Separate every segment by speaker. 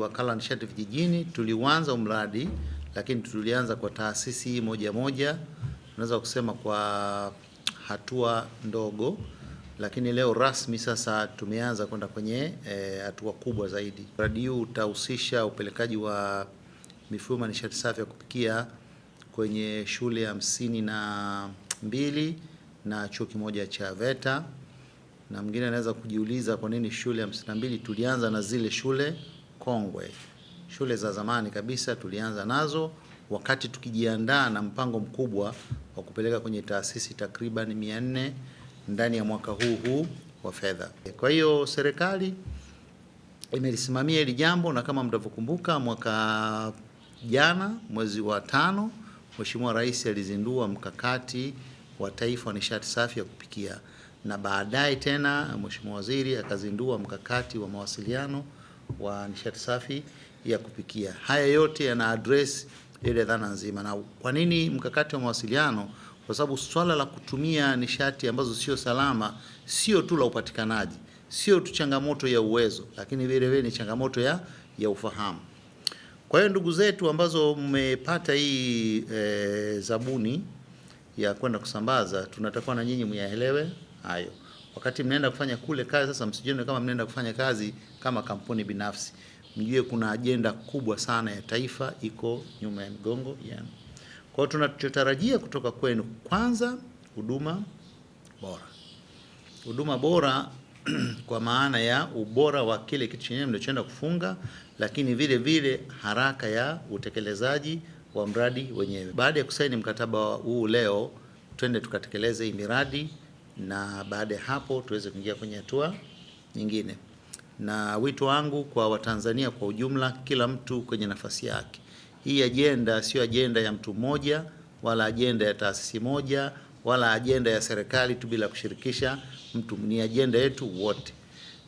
Speaker 1: Wakala Nishati Vijijini tuliuanza mradi, lakini tulianza kwa taasisi moja moja, unaweza kusema kwa hatua ndogo, lakini leo rasmi sasa tumeanza kwenda kwenye e, hatua kubwa zaidi. Mradi huu utahusisha upelekaji wa mifumo ya nishati safi ya kupikia kwenye shule hamsini na mbili na chuo kimoja cha VETA na mwingine anaweza kujiuliza kwa nini shule hamsini na mbili? Tulianza na zile shule kongwe, shule za zamani kabisa tulianza nazo wakati tukijiandaa na mpango mkubwa wa kupeleka kwenye taasisi takriban 400 ndani ya mwaka huu huu wa fedha. Kwa hiyo serikali imelisimamia hili jambo, na kama mtavyokumbuka, mwaka jana mwezi wa tano, Mheshimiwa Rais alizindua mkakati wa taifa wa nishati safi ya kupikia, na baadaye tena Mheshimiwa Waziri akazindua mkakati wa mawasiliano wa nishati safi ya kupikia. Haya yote yana address ile dhana nzima. Na kwa nini mkakati wa mawasiliano? Kwa sababu swala la kutumia nishati ambazo sio salama sio tu la upatikanaji, sio tu changamoto ya uwezo, lakini vile vile ni changamoto ya, ya ufahamu. Kwa hiyo ndugu zetu ambazo mmepata hii e, zabuni ya kwenda kusambaza, tunatakiwa na nyinyi myaelewe hayo. Wakati mnaenda kufanya kule kazi sasa, msijione kama mnaenda kufanya kazi kama kampuni binafsi. Mjue kuna ajenda kubwa sana ya taifa iko nyuma ya migongo yenu. Kwa hiyo tunachotarajia kutoka kwenu, kwanza, huduma bora. Huduma bora kwa maana ya ubora wa kile kitu chenyewe mnachoenda kufunga, lakini vile vile haraka ya utekelezaji wa mradi wenyewe. Baada ya kusaini mkataba huu leo, twende tukatekeleze hii miradi na baada ya hapo tuweze kuingia kwenye hatua nyingine. Na wito wangu kwa Watanzania kwa ujumla, kila mtu kwenye nafasi yake. Hii ajenda sio ajenda ya mtu mmoja wala ajenda ya taasisi moja wala ajenda ya serikali tu bila kushirikisha mtu, ni ajenda yetu wote.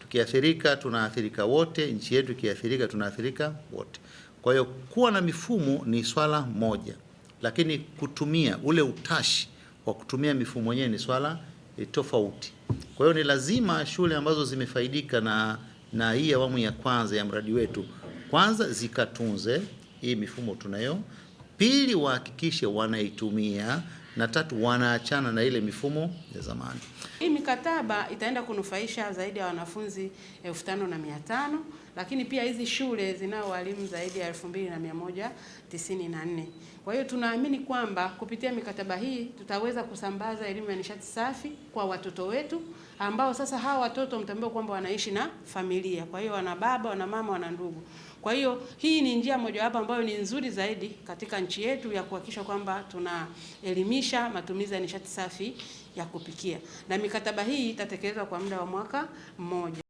Speaker 1: Tukiathirika tunaathirika wote, nchi yetu ikiathirika tunaathirika wote. Kwa hiyo kuwa na mifumo ni swala moja, lakini kutumia ule utashi wa kutumia mifumo yenyewe ni swala e, tofauti. Kwa hiyo ni lazima shule ambazo zimefaidika na, na hii awamu ya kwanza ya mradi wetu kwanza zikatunze hii mifumo tunayo, pili wahakikishe wanaitumia na tatu wanaachana na ile mifumo ya zamani
Speaker 2: mikataba itaenda kunufaisha zaidi ya wanafunzi elfu tano na mia tano lakini pia hizi shule zinao walimu zaidi ya 2194. Kwa hiyo tunaamini kwamba kupitia mikataba hii tutaweza kusambaza elimu ya nishati safi kwa watoto wetu ambao sasa hawa watoto mtambua kwamba wanaishi na familia. Kwa hiyo wana baba, wana mama, wana ndugu. Kwa hiyo hii ni njia mojawapo ambayo ni nzuri zaidi katika nchi yetu ya kuhakikisha kwamba tunaelimisha matumizi ya nishati safi ya kupikia, na mikataba hii itatekelezwa kwa muda wa mwaka mmoja.